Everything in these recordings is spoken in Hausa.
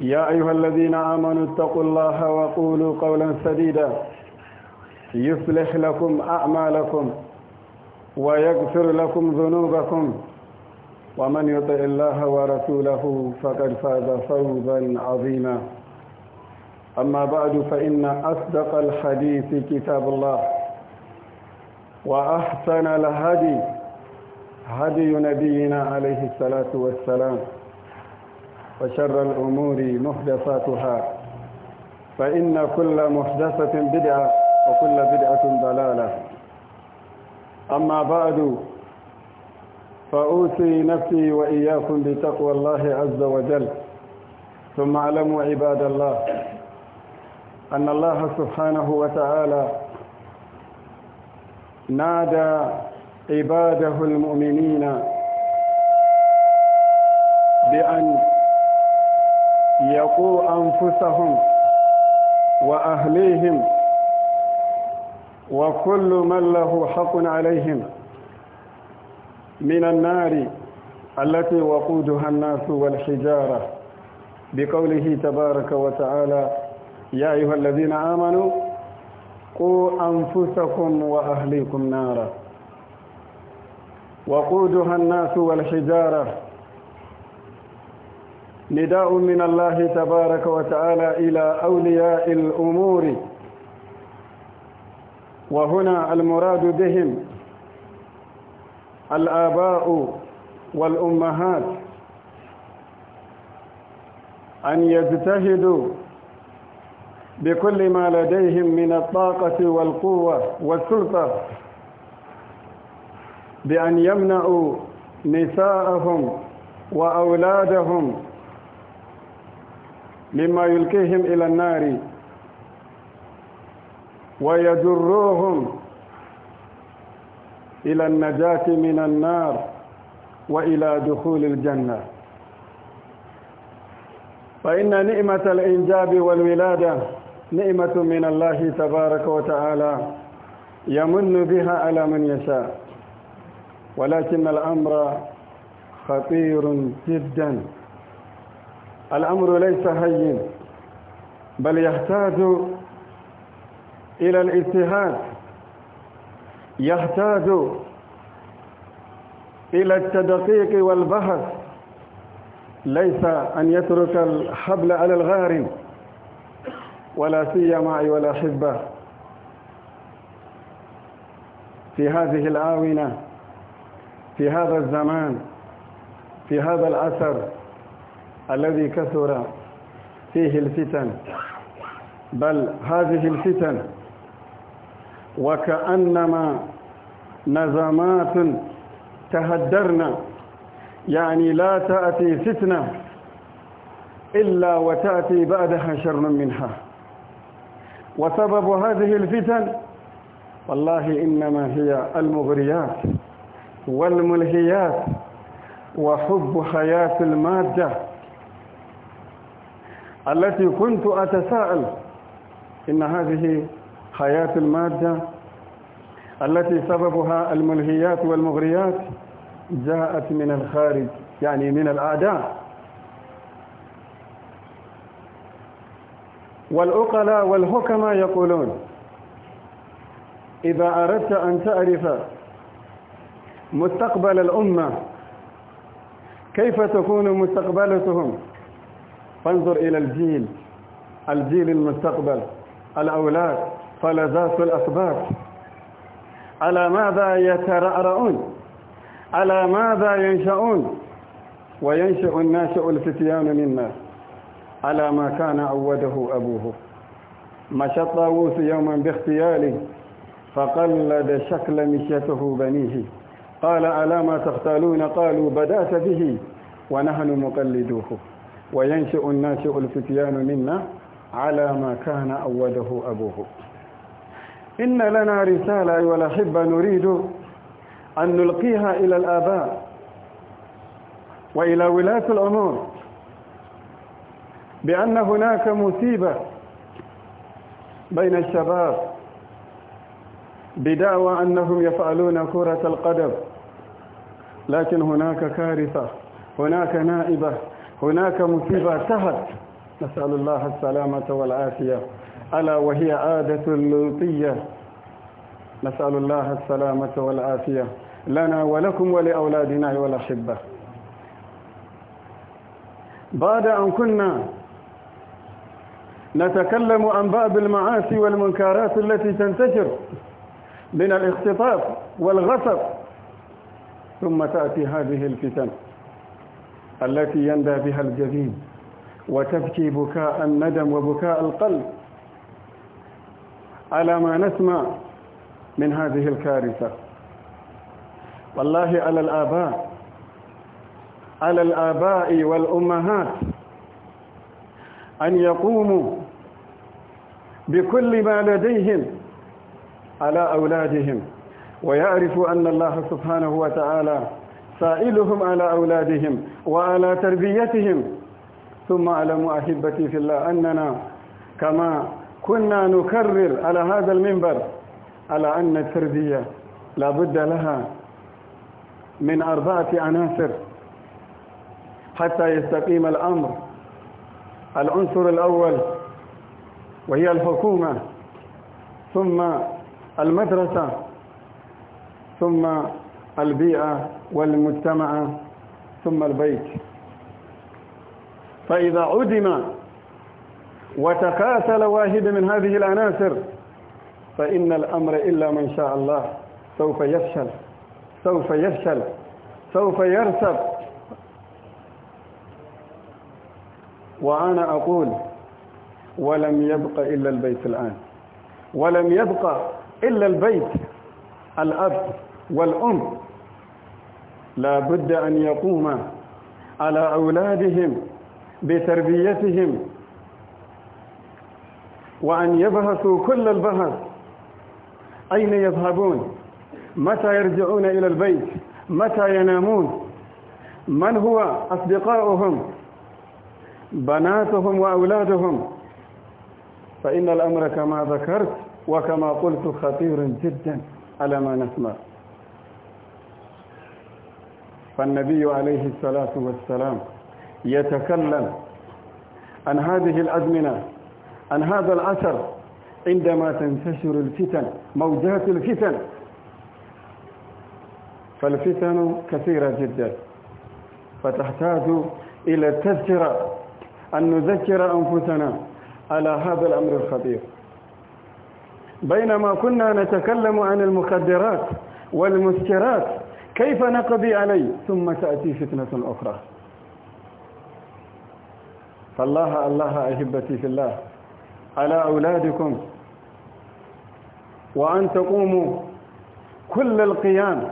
يا أيها الذين آمنوا اتقوا الله وقولوا قولا سديدا يصلح لكم أعمالكم ويغفر لكم ذنوبكم ومن يطع الله ورسوله فقد فاز فوزا عظيما أما بعد فإن أصدق الحديث كتاب الله وأحسن الهدي هدي نبينا عليه الصلاة والسلام وشر الأمور محدثاتها فإن كل محدثة بدعة وكل بدعة ضلالة أما بعد فأوصي نفسي وإياكم بتقوى الله عز وجل ثم اعلموا عباد الله أن الله سبحانه وتعالى نادى عباده المؤمنين بأن يقوا أنفسهم وأهليهم وكل من له حق عليهم من النار التي وقودها الناس والحجارة بقوله تبارك وتعالى يا أيها الذين آمنوا قوا أنفسكم وأهليكم نارا وقودها الناس والحجارة نداء من الله تبارك وتعالى إلى أولياء الأمور وهنا المراد بهم الآباء والأمهات أن يجتهدوا بكل ما لديهم من الطاقة والقوة والسلطة بأن يمنعوا نساءهم وأولادهم مما يلقيهم إلى النار ويجروهم إلى النجاة من النار وإلى دخول الجنة فإن نعمة الإنجاب والولادة نعمة من الله تبارك وتعالى يمن بها على من يشاء ولكن الأمر خطير جداً الأمر ليس هين بل يحتاج إلى الاجتهاد يحتاج إلى التدقيق والبحث ليس أن يترك الحبل على الغارم ولا سيما ولا حزبة في هذه الآونة في هذا الزمان في هذا الأثر الذي كثر فيه الفتن بل هذه الفتن وكأنما نزمات تهدرنا يعني لا تأتي فتنة إلا وتأتي بعدها شر منها وسبب هذه الفتن والله إنما هي المغريات والملهيات وحب حياة المادة التي كنت أتساءل إن هذه حياة المادة التي سببها الملهيات والمغريات جاءت من الخارج يعني من الأعداء والعقلاء والحكماء يقولون إذا أردت أن تعرف مستقبل الأمة كيف تكون مستقبلتهم فانظر إلى الجيل الجيل المستقبل الأولاد فلذات الأسباب على ماذا يترأرؤون على ماذا ينشؤون وينشأ الناشئ الفتيان منا على ما كان عوده أبوه مشى الطاووس يوما باختياله فقلد شكل مشيته بنيه قال ألا ما تختالون قالوا بدأت به ونحن مقلدوه وينشئ الناشئ الفتيان منا على ما كان أوده أبوه إن لنا رسالة والأحبة نريد أن نلقيها إلى الآباء وإلى ولاة الأمور بأن هناك مصيبة بين الشباب بدعوى أنهم يفعلون كرة القدم لكن هناك كارثة هناك نائبة هناك مصيبة تهت نسأل الله السلامة والعافية ألا وهي عادة لوطية نسأل الله السلامة والعافية لنا ولكم ولأولادنا والأحبة بعد أن كنا نتكلم عن باب المعاصي والمنكرات التي تنتشر من الاختطاف والغصب ثم تأتي هذه الفتن التي يندى بها الجبين وتبكي بكاء الندم وبكاء القلب على ما نسمع من هذه الكارثة والله على الآباء على الآباء والأمهات أن يقوموا بكل ما لديهم على أولادهم ويعرفوا أن الله سبحانه وتعالى سائلهم على أولادهم وعلى تربيتهم ثم أعلم أحبتي في الله أننا كما كنا نكرر على هذا المنبر على أن التربية لا بد لها من أربعة عناصر حتى يستقيم الأمر العنصر الأول وهي الحكومة ثم المدرسة ثم البيئة والمجتمع ثم البيت فإذا عدم وتكاسل واحد من هذه العناصر فإن الأمر إلا من شاء الله سوف يفشل سوف يفشل سوف يرسب وأنا أقول ولم يبق إلا البيت الآن ولم يبق إلا البيت الأب والأم لا بد أن يقوم على أولادهم بتربيتهم وأن يبحثوا كل البحث أين يذهبون متى يرجعون إلى البيت متى ينامون من هو أصدقاؤهم بناتهم وأولادهم فإن الأمر كما ذكرت وكما قلت خطير جدا على ما نسمع فالنبي عليه الصلاة والسلام يتكلم عن هذه الأزمنة عن هذا العصر عندما تنتشر الفتن موجات الفتن فالفتن كثيرة جدا فتحتاج إلى التذكرة أن نذكر أنفسنا على هذا الأمر الخطير بينما كنا نتكلم عن المخدرات والمسكرات كيف نقضي عليه ثم تأتي فتنة أخرى فالله الله أحبتي في الله على أولادكم وأن تقوموا كل القيام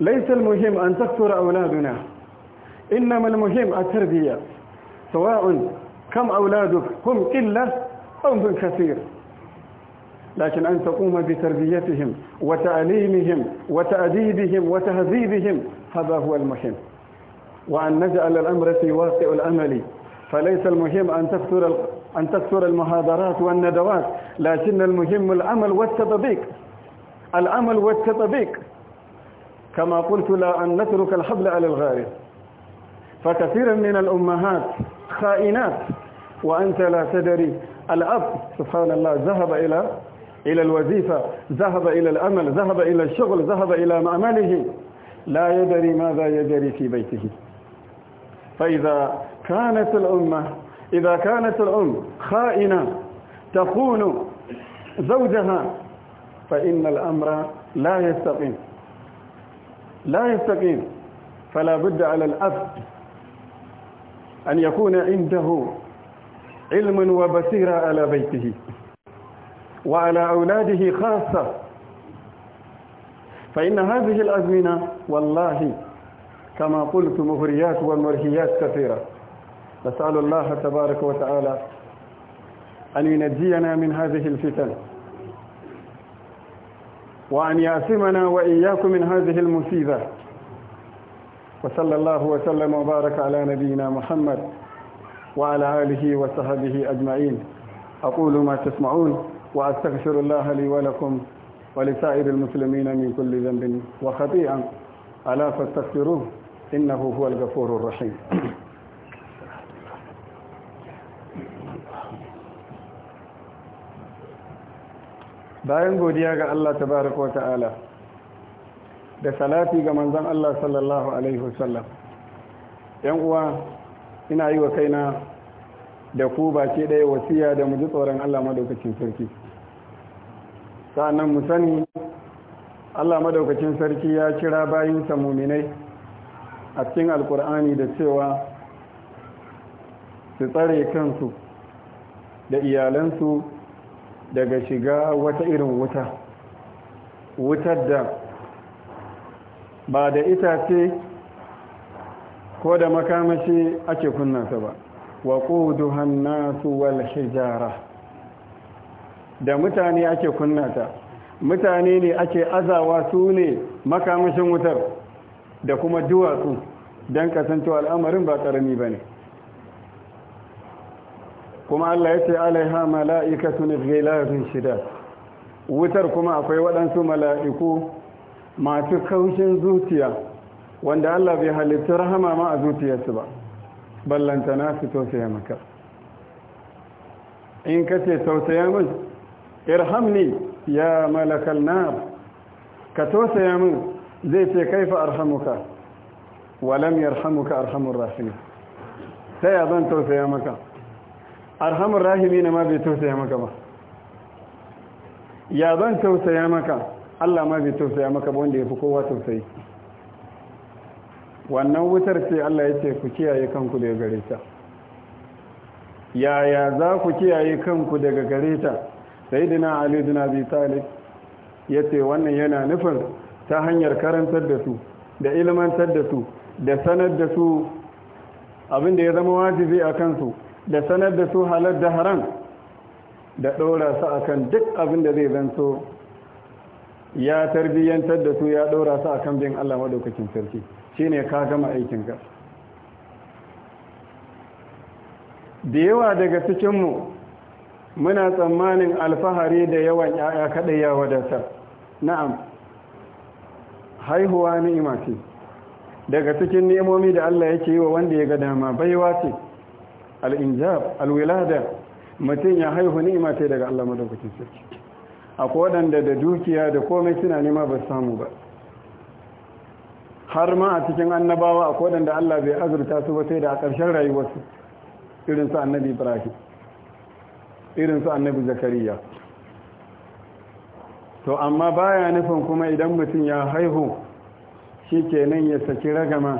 ليس المهم أن تكثر أولادنا إنما المهم التربية سواء كم أولادك هم إلا أو من كثير لكن أن تقوم بتربيتهم وتعليمهم وتأديبهم وتهذيبهم هذا هو المهم وأن نجعل الأمر في واقع الأمل فليس المهم أن تكثر أن تكثر المحاضرات والندوات لكن المهم العمل والتطبيق العمل والتطبيق كما قلت لا أن نترك الحبل على الغارب فكثيرا من الأمهات خائنات وأنت لا تدري الأب سبحان الله ذهب إلى إلى الوظيفة ذهب إلى الأمل ذهب إلى الشغل ذهب إلى معمله لا يدري ماذا يدري في بيته فإذا كانت الأمة إذا كانت الأم خائنة تخون زوجها فإن الأمر لا يستقيم لا يستقيم فلا بد على الأب أن يكون عنده علم وبصيرة على بيته وعلى أولاده خاصة فإن هذه الأزمنة والله كما قلت مهريات ومرهيات كثيرة نسأل الله تبارك وتعالى أن ينجينا من هذه الفتن وأن يعصمنا وإياكم من هذه المصيبة وصلى الله وسلم وبارك على نبينا محمد وعلى آله وصحبه أجمعين أقول ما تسمعون وأستغفر الله لي ولكم ولسائر المسلمين من كل ذنب وخطيئا ألا فاستغفروه إنه هو الغفور الرحيم bayan godiya ga Allah tabaraka wa ta'ala da salati ga manzon Allah sallallahu alaihi wasallam yan uwa ina yi wa kaina da ku ba baki ɗaya wasiya da mu ji tsoron Allah madaukakin sarki sa'annan mu sani Allah madaukakin sarki ya kira bayinsa muminai a cikin alkur'ani da cewa su tsare kansu da iyalansu daga shiga wata irin wuta wutar da ba da itace ko da makamashi ake kunnasa ba wa ƙudu hannasu wal shijara da mutane ake kunnata mutane ne ake azawa su ne makamashin wutar da kuma duwatsu don kasancewa al'amarin ba ƙarami ba ne kuma allah ya ce alaiha mala'ikatun ghilarin shida wutar kuma akwai waɗansu mala'iku masu kaushin zuciya wanda allah bai halittu rahama ma a zuciyarsu ba ballantana su tausaya maka in ka ce tausaya min irhamni ya malakal nar ka tausaya min zai ce kaifa arhamuka walam yarhamuka arhamur rahim ta ya zan tausaya maka arhamur rahimi na ma bai tausaya maka ba ya zan tausaya maka Allah ma bai tausaya maka ba wanda ya fi kowa tausayi wannan wutar ce Allah ya ce ku kiyaye kanku daga gare ta yaya za ku kiyaye kanku daga gare ta sayidina ali bin abi talib yace wannan yana nufin ta hanyar karantar da su da ilmantar da su da sanar da su abin da ya zama wajibi a su da sanar da su halar da haram da dora su akan duk abin da zai zanto ya tarbiyyantar da su ya dora su akan bin Allah madaukakin sarki shine ka gama aikinka da yawa daga cikin mu muna tsammanin alfahari da yawan ‘ya'ya kaɗai ya wadata, na'am haihuwa ni'ima ce daga cikin ni'imomi da Allah yake yi wa wanda ya ga dama baiwa ce al'injab alwilada mutum ya haihu ni'ima ce daga Allah madaukakin sarki akwai waɗanda da dukiya da komai suna nema ba samu ba har ma a cikin annabawa a waɗanda Allah bai azurta su ba sai da a ƙarshen rayuwarsu irin su annabi Ibrahim irin su annabi zakariya to amma baya nufin kuma idan mutum ya haihu shi kenan ya saki ragama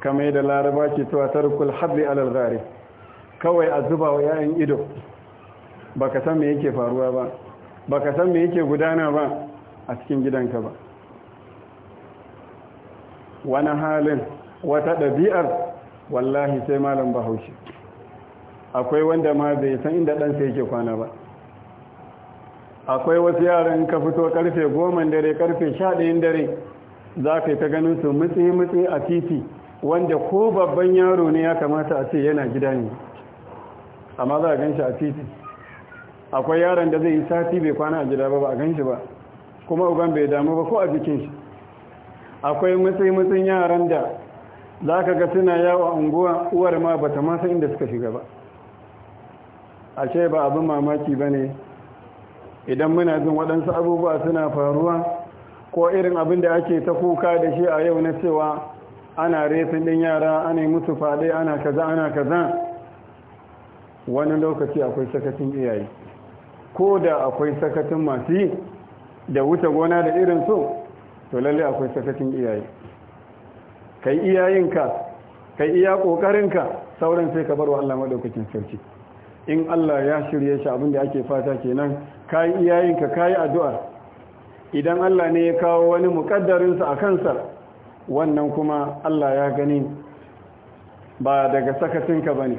kamar da laraba ce to a tarkul habli kawai a zuba wa yayan ido baka san me yake faruwa ba baka san me yake gudana ba a cikin gidanka ba wani halin wata ɗabi'ar wallahi sai malam bahaushe akwai wanda ma bai san inda ɗansa yake kwana ba akwai wasu yaran ka fito karfe goman dare karfe sha ɗayan dare za ka yi ta ganin su mutsi-mutsi a titi wanda ko babban yaro ne ya kamata a ce yana gida ne amma za a gan shi a titi akwai yaron da zai yi sati bai kwana a gida ba ba a gan shi ba kuma uban bai damu ba ko a jikin shi akwai mutsi-mutsin yaran da za ka ga suna yawa unguwa uwar ma bata masa inda suka shiga ba ashe ba abin mamaki ba ne idan muna jin waɗansu abubuwa suna faruwa ko irin abin da ake ta kuka da shi a yau na cewa ana refin ɗin yara ana yi mutu faɗe ana kaza ana kaza wani lokaci akwai sakacin iyaye ko da akwai sakacin masu yi da wuce gona da irin so to lalle akwai sakacin iyaye kai iyayenka kai iya ƙoƙarinka sauran sai ka bar wa Allah maɗaukakin sarki in Allah ya shirye shi abinda ake fata kenan kai iyayenka kai addu'a idan Allah ne ya kawo wani muƙaddarinsa sa a kansa wannan kuma Allah ya gani ba daga sakatinka ne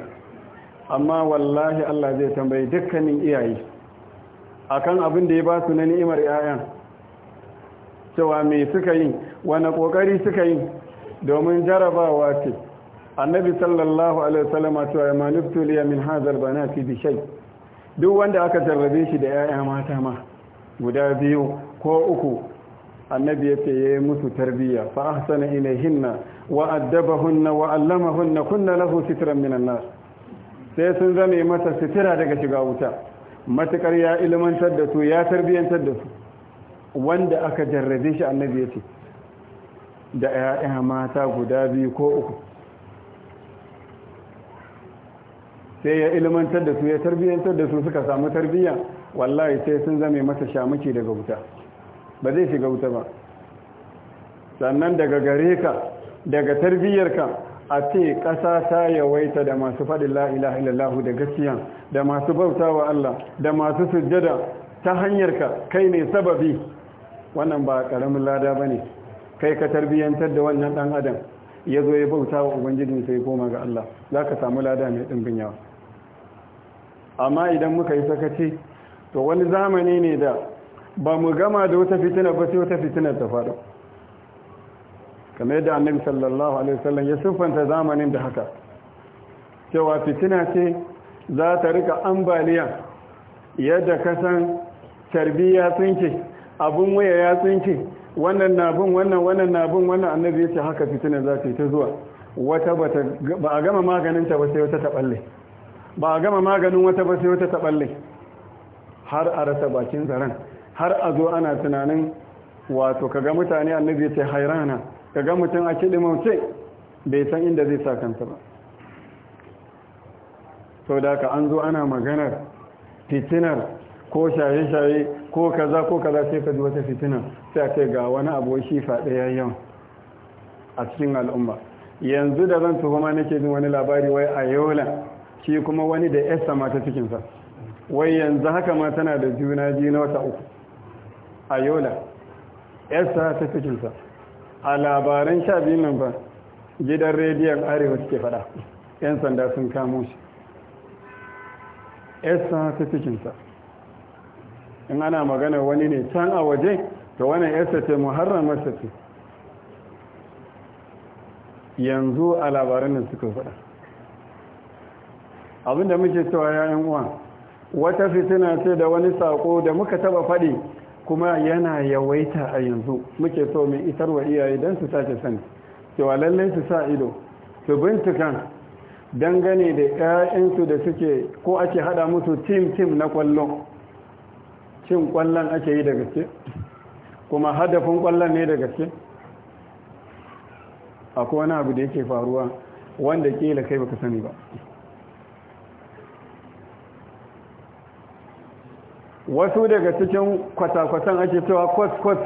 amma wallahi Allah zai tambayi dukkanin iyaye akan abin da ya ba su na ni'imar 'ya'yan cewa me suka yi wani ƙoƙari suka yi domin jarabawa ce annabi sallallahu alaihi wasallama cewa ma liya min hazal banati bi shay duk wanda aka jarrabe shi da yaya mata ma guda biyu ko uku annabi yace yi musu tarbiyya fa ahsana ilayhinna wa addabahunna wa allamahunna kunna lahu sitran minan nas sai sun zame masa sitira daga shiga wuta matukar ya ilmantar da su ya tarbiyantar da su wanda aka jarrabe shi annabi yace da 'ya'ya mata guda biyu ko uku sai ya ilimantar da su ya tarbiyyantar da su suka samu tarbiyya wallahi sai sun zame masa shamaki daga wuta ba zai shiga wuta ba sannan daga gare ka daga tarbiyyarka a ce ƙasa ta yawaita da masu faɗin la'ilaha illallahu da gaskiya da masu bauta wa Allah da masu sujjada ta hanyarka kai ne sababi wannan ba ƙaramin lada ba ne kai ka tarbiyyantar da wannan ɗan adam ya zo ya bauta wa ubangijin sai koma ga Allah za ka samu lada mai ɗimbin yawa amma idan muka yi sakaci to wani zamani ne da ba mu gama da wata fitina ba sai wata fitinar ta faɗo kamar yadda annabi sallallahu alaihi wasallam ya sufanta zamanin da haka cewa fitina ce za ta rika ambaliya yadda kasan tarbiyya tsinke abun waya ya tsinke wannan na bin wannan wannan na bin wannan annabi ya ce haka fitina za ta yi ta zuwa wata ba a gama maganinta ba sai wata ta balle ba a gama maganin wata ba sai wata taɓalle har a rasa bakin zaren har a zo ana tunanin wato kaga mutane annabi ya ce hairana kaga mutum a kiɗi mauce bai san inda zai sa kanta ba sau da ka an zo ana maganar fitinar ko shaye-shaye ko kaza ko kaza sai ka ji wata fitinar, sai a kai ga wani abu shi faɗe yayyan a cikin al'umma yanzu da zan tuhuma nake jin wani labari wai a yola shi kuma wani da yasa mata cikinsa wai yanzu haka ma tana da juna biyu na wata uku a yola yarsa ta cikinsa a labaran sha biyu nan ba gidan rediyon arewa suke fada yan sanda sun kamo shi yasa ta cikinsa in ana magana wani ne can a waje to wannan yasa ce muharramar ce yanzu a labaran nan suka fada abinda muke cewa yayin uwa wata fitina ce da wani sako da muka taba faɗi kuma yana yawaita a yanzu muke so mai wa iyaye don su sake sani cewa lallai su sa ido su bincika dangane da 'ya'yansu da suke ko ake hada musu tim-tim na kwallo cin kwallon ake yi da gaske kuma hadafin kwallon ne da gaske akwai wani abu da yake faruwa wanda kila kai baka sani ba wasu daga cikin kwata-kwatan ake cewa kwat-kwat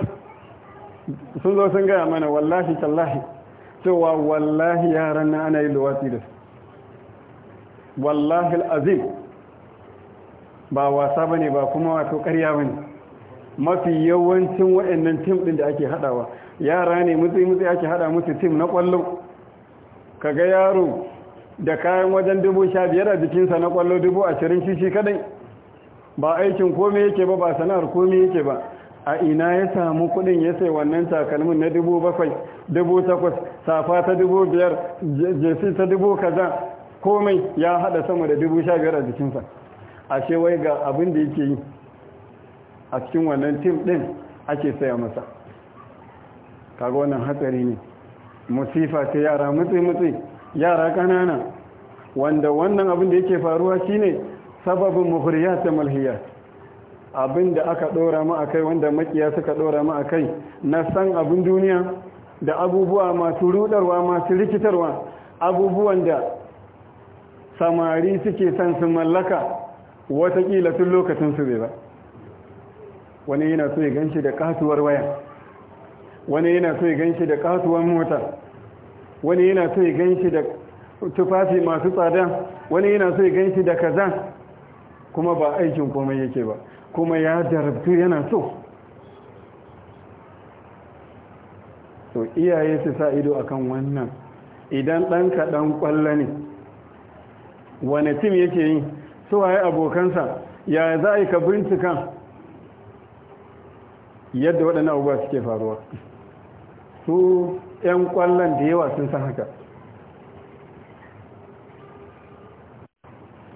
sun zo sun gaya mana wallahi tallahi cewa wallahi yaran na ana yi luwatsi da su wallahi al'azim ba wasa ba ne ba kuma wato karya ba ne mafi yawancin waɗannan tim ɗin da ake haɗawa yara ne mutsi-mutsi ake haɗa musu tim na ƙwallo kaga yaro da kayan wajen dubu sha biyar a jikinsa na ƙwallo dubu ashirin shi shi kadai ba aikin komai yake ba ba sana'ar komai yake ba a ina ya samu kudin ya sai wannan takalmin na dubu bakwai dubu takwas safa ta dubu biyar jesi ta dubu kaza komai ya hada sama da dubu a jikinsa ashe wai ga abin da yake yi a cikin wannan tim din ake saya masa kaga wannan hatsari ne musifa ta yara mutsi mutsi yara kanana wanda wannan abin da yake faruwa shine sababin muhriyat da malhiyar abin da aka ɗora a kai wanda makiya suka ɗora a kai na san abin duniya da abubuwa masu rudarwa masu rikitarwa abubuwan da samari suke son su mallaka watakila tun lokacin su bai ba wani yana so ya ganshi da katuwar waya wani yana so ya ganshi da katuwar mota wani yana so ya ganshi da tufafi masu tsada wani yana so ya ganshi da kaza kuma ba aikin komai yake ba kuma ya jarabtu yana so to iyaye su sa ido akan wannan idan ɗan kaɗan ƙwallo ne wane tim yake yi su waye abokansa ya za a yi ka bincika yadda waɗannan abubuwa suke faruwa su 'yan ƙwallon da yawa sun san haka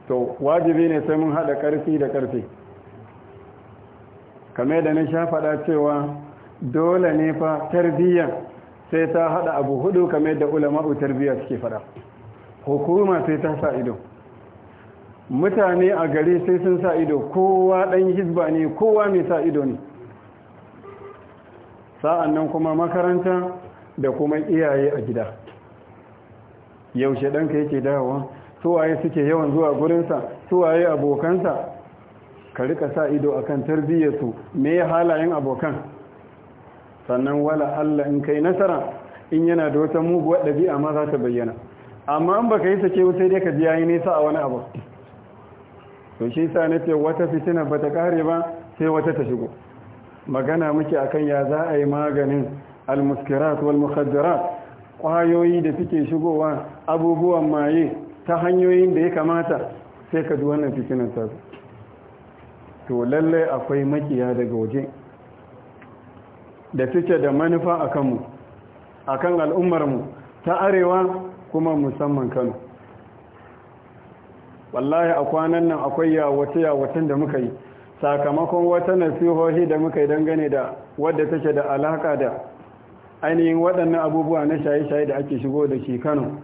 to wajibi ne sai mun haɗa karfi da ƙarfi kamar da na sha faɗa cewa dole ne fa tarbiyya sai ta haɗa abu hudu kamar da ulama'u tarbiyya suke faɗa hukuma sai ta sa ido mutane a gari sai sun sa ido kowa ɗan hizba ne kowa mai sa ido ne sa'an nan kuma makaranta da kuma iyaye a gida yaushe ɗanka yake dawowa suwaye suke yawan zuwa gurinsa suwaye abokansa ka rika sa ido akan tarbiyyarsu me halayen abokan sannan wala Allah in kai nasara in yana da wata muguwar ɗabi'a ma za ta bayyana amma an baka yi sake sai dai ka ji yayi nisa a wani abu to shi sa nace wata fitina bata kare ba sai wata ta shigo magana muke akan ya za a yi maganin almuskirat wal mukhaddarat kwayoyi da suke shigowa abubuwan maye ta hanyoyin da ya kamata sai ka duwannan fitinan ta to lalle akwai makiya daga waje da suke da manufa a kanmu a kan al'ummarmu ta arewa kuma musamman kano wallahi a kwanan nan akwai yawace yawacin da muka yi sakamakon wata nasihohi da muka yi dangane da wadda take da alaka da ainihin waɗannan abubuwa na shaye-shaye da ake shigo da shi kano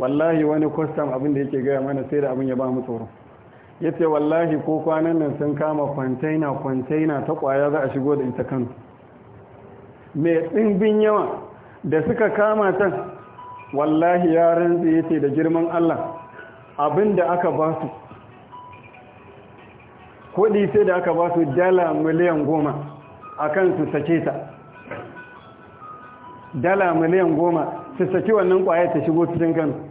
wallahi wani kwastam abin da yake gaya mana sai da abin ya ba mu tsoro ya ce wallahi ko kwanan nan sun kama kwantaina kwantaina ta kwaya za a shigo da ita kano mai ɗimbin yawa da suka kama ta wallahi ya yaran ya ce da girman allah abin da aka ba su kuɗi sai da aka ba su dala miliyan goma a kan su sake ta dala miliyan goma su saki wannan kwaya ta shigo cikin kano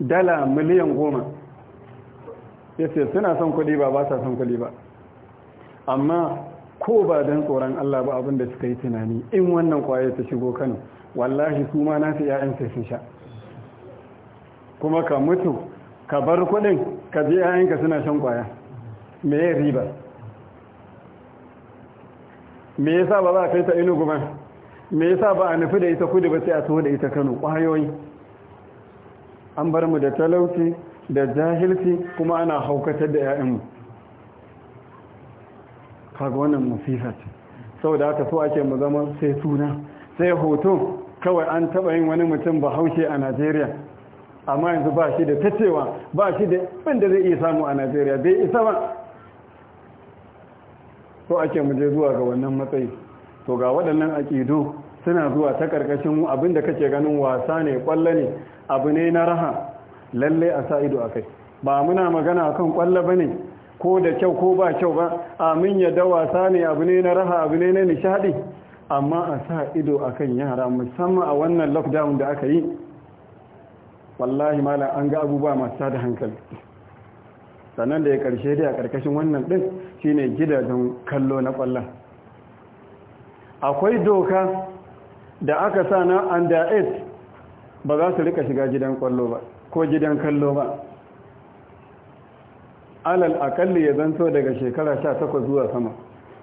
dala miliyan goma ya ce suna son kuɗi ba ba sa son kuɗi ba amma ko ba don tsoron Allah ba abinda suka yi tunani in wannan kwaye ta shigo kano wallahi su ma nasu ‘ya'yan sai sun sha kuma ka mutu ka bar kuɗin ka je ‘ya'yanka suna shan kwaya me ya riba me yasa ba za a kai ta inu guma me yasa ba a nufi da ita kudu ba sai a tuho da ita kano kwayoyi an bar mu da talauci da jahilci kuma ana haukatar da 'ya'yanmu kaga wannan musifa ce da haka so ake mu zama sai suna sai hoto kawai an taba yin wani mutum ba haushe a najeriya amma yanzu ba shi da tacewa ba shi da wanda zai iya samu a najeriya bai isa ba so ake mu je zuwa ga wannan matsayi to ga waɗannan aƙidu suna zuwa ta ƙarƙashin abinda kake ganin wasa ne ƙwallo ne abu ne na raha lalle a sa ido akai ba muna magana akan kwallo bane ko da kyau ko ba kyau ba amin ya da wasa ne abu ne na raha abu ne na nishadi amma a sa ido akan yara musamman a wannan lockdown da aka yi wallahi malam an ga abubuwa masu sada hankali sannan da ya karshe dai a karkashin wannan din shine gidajen kallo na kwallon akwai doka da aka sa na under ba za su rika shiga gidan kwallo ba ko gidan kallo ba alal akalli ya zanto daga shekara 18 zuwa sama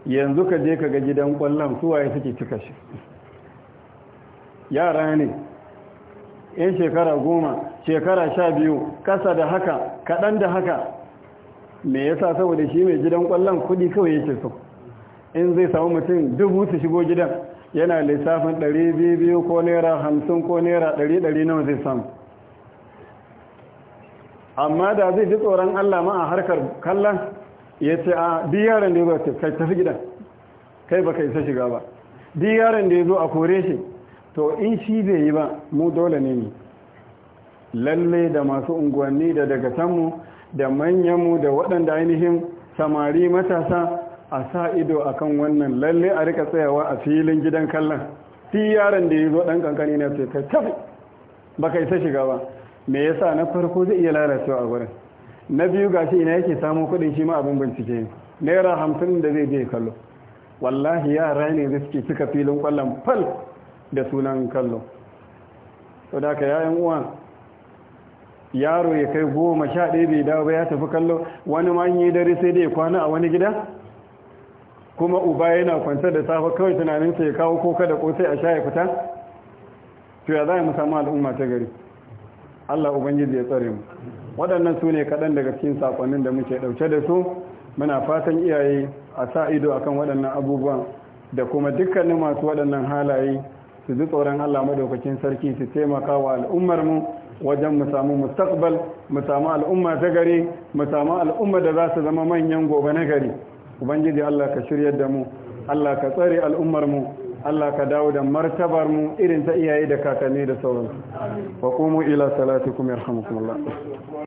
yanzu ka je ka ga gidan kwallon ya suke cika shi yara ne yan shekara goma shekara sha biyu kasa da haka kaɗan da haka me yasa saboda shi mai gidan kwallon kudi kawai yake so in zai samu mutum dubu su shigo gidan yana lissafin 200 ko naira hamsin ko naira 100 nawa zai samu amma da zai ji tsoron Allah ma a harkar kallon ya ce a duk da ya zo kai tafi gidan kai baka isa shiga ba duk yaron da ya zo a kore shi to in shi zai yi ba mu dole ne ne lalle da masu unguwanni da daga sanmu da manyanmu da waɗanda ainihin samari matasa a sa ido a kan wannan lalle a rika tsayawa a filin gidan kallon fi yaron da ya zo ɗan kankani na ce kai tafi ba ka isa shiga ba me sa na farko zai iya lalacewa a gurin na biyu ga shi ina yake samun kuɗin shi ma abin bincike naira hamsin da zai je kallo wallahi yara ne da suke cika filin kwallon fal da sunan kallo to da ka yayan uwa yaro ya kai goma sha ɗaya bai dawo ba ya tafi kallo wani ma yi dare sai da ya kwana a wani gida kuma uba yana kwanta da safa kawai tunaninsa ya kawo koka da kosai a sha ya fita to ya za mu samu al'umma ta gari Allah ubangiji ya tsare mu waɗannan su ne kaɗan daga cikin sakonnin da muke ɗauke da su muna fatan iyaye a sa ido akan waɗannan abubuwan da kuma dukkanin masu waɗannan halaye su ji tsoron Allah madaukakin sarki su taimaka wa al'ummar mu wajen mu samu mustaqbal mu samu al'umma ta gari mu samu al'umma da za su zama manyan gobe na gari ubangiji Allah ka shiryar da mu Allah ka tsare al'ummar mu Allah ka dawo da martabar mu irin ta iyaye da kakanni da sauransu wa qumu ila salatikum yarhamukumullah